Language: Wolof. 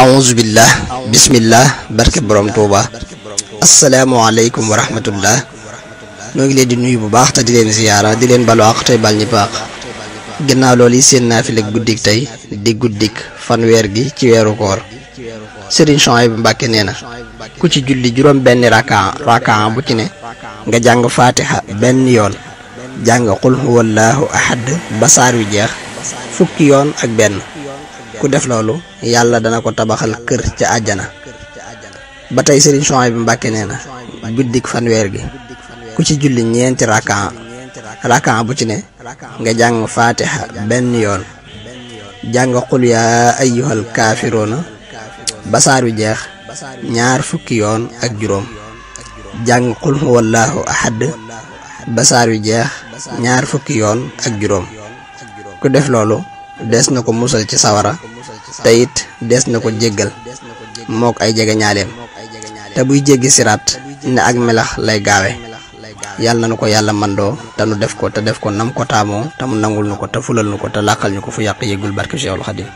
aouzubillah bismillah barke borom Touba asalaamualeykum wa rahmatullah ñoo ngi leen di nuyu bu baax te di leen ziyaara di leen balu àq tey bal ñi baax yi seen naafile guddik tey di guddik fanweer gi ci weeru koor Serigne Souhaïbou Mbacké nee na ku ci julli juróom benn rakaa bu ci ne nga jàng faatiha benn yoon jàng qul huwallahu ahad basaar wi jeex fukki yoon ak benn ku def loolu yàlla dana ko tabaxal kër ca àjjana ba tey Serigne Souhaïbou Mbacke nee na guddik fanweer gi ku ci julli ñeenti rakan rakan bu ci ne nga jàng faatiha benn yoon jàng xul yaa ayyuhal kaafiroona ba saar wi jeex ñaar fukki ak juróom jàng xul huwallaahu ahad ba jeex ñaar fukki yoon ak juróom ku def loolu des na ko musal ci sawara te it des na ko jéggal mook ay jege ñaaleem te buy jéggi siraat ne ak melax lay gaawe yàlla na nu ko yàlla mandoo te nu def ko te def ko nam ko taamoo te mu nangul nu ko te fulal nu ko te làqal ñu ko fu yàq yëggul barke Cheikhul Khadim